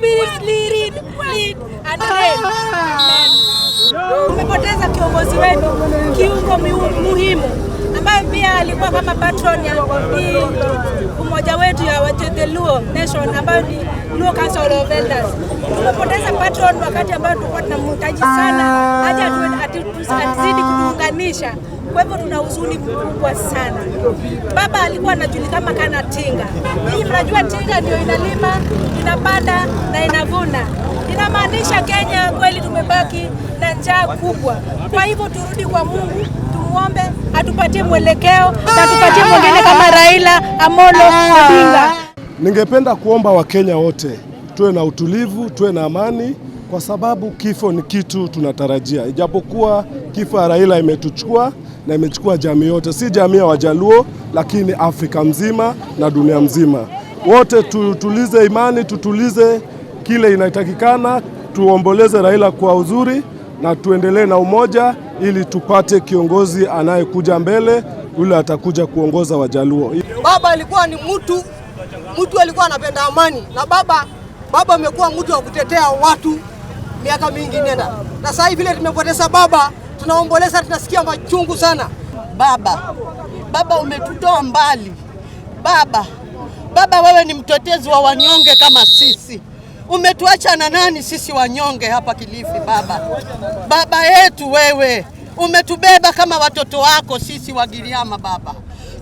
Spirit lead, lead and reign. Tumepoteza kiongozi wetu, kiungo muhimu ambaye pia alikuwa kama patron ya umoja wetu ya luo Nation ambayo ni Luo Council of Elders. Tumepoteza patron wakati ambayo tulikuwa tunamhitaji sana, haja atuzidi kutuunganisha. Kwa hivyo tuna huzuni mkubwa sana. Baba alikuwa anajulikana kana Tinga tunajua Tinga ndio inalima, inapanda na inavuna. Inamaanisha Kenya kweli tumebaki na njaa kubwa. Kwa hivyo turudi kwa Mungu, tumwombe atupatie mwelekeo na atupatie mwingine kama Raila Amolo Odinga. Ningependa kuomba Wakenya wote tuwe na utulivu, tuwe na amani kwa sababu kifo ni kitu tunatarajia, ijapokuwa kifo ya Raila imetuchukua na imechukua jamii yote, si jamii ya Wajaluo, lakini Afrika mzima na dunia mzima wote tutulize imani, tutulize kile inatakikana, tuomboleze Raila kwa uzuri na tuendelee na umoja ili tupate kiongozi anayekuja mbele, yule atakuja kuongoza Wajaluo. Baba alikuwa ni mtu mtu, alikuwa anapenda amani, na baba baba amekuwa mtu wa kutetea watu miaka mingi nenda, na sasa hivi vile tumepoteza baba, tunaomboleza, tunasikia machungu sana. Baba, baba umetutoa mbali baba. Baba, wewe ni mtetezi wa wanyonge kama sisi. Umetuacha na nani sisi wanyonge hapa Kilifi? Baba, baba yetu wewe umetubeba kama watoto wako sisi wa giriama Baba,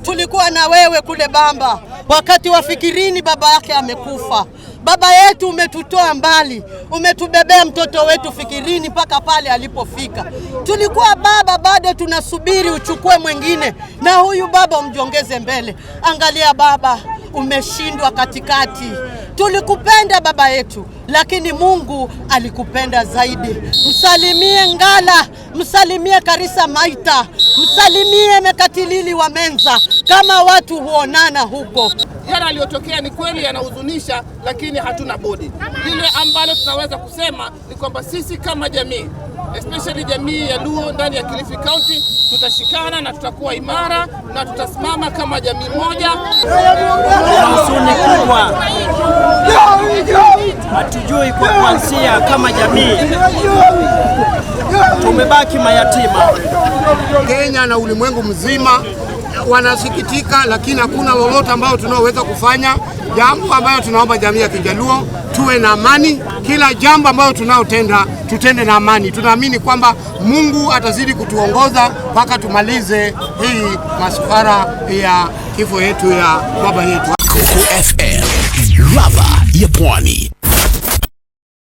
tulikuwa na wewe kule Bamba wakati wa fikirini baba yake amekufa. Baba yetu umetutoa mbali, umetubebea mtoto wetu Fikirini mpaka pale alipofika. Tulikuwa baba, bado tunasubiri uchukue mwingine, na huyu baba umjongeze mbele. Angalia baba umeshindwa katikati. Tulikupenda baba yetu, lakini Mungu alikupenda zaidi. Msalimie Ngala, msalimie Karisa Maita, msalimie Mekatilili wa Menza, kama watu huonana huko. Yale aliyotokea ni kweli yanahuzunisha, lakini hatuna budi. Lile ambalo tunaweza kusema ni kwamba sisi kama jamii especially jamii ya Luo ndani ya Kilifi County tutashikana na tutakuwa imara na tutasimama kama jamii moja. Huzuni kubwa hatujui kwa kuanzia, kama jamii tumebaki mayatima. Kenya na ulimwengu mzima wanasikitika, lakini hakuna lolote ambayo tunaoweza kufanya, jambo ambayo tunaomba jamii ya Kijaluo tuwe na amani. Kila jambo ambayo tunaotenda tutende na amani. Tunaamini kwamba Mungu atazidi kutuongoza mpaka tumalize hii masafara ya kifo yetu ya baba yetu. Coco FM, ladha ya Pwani.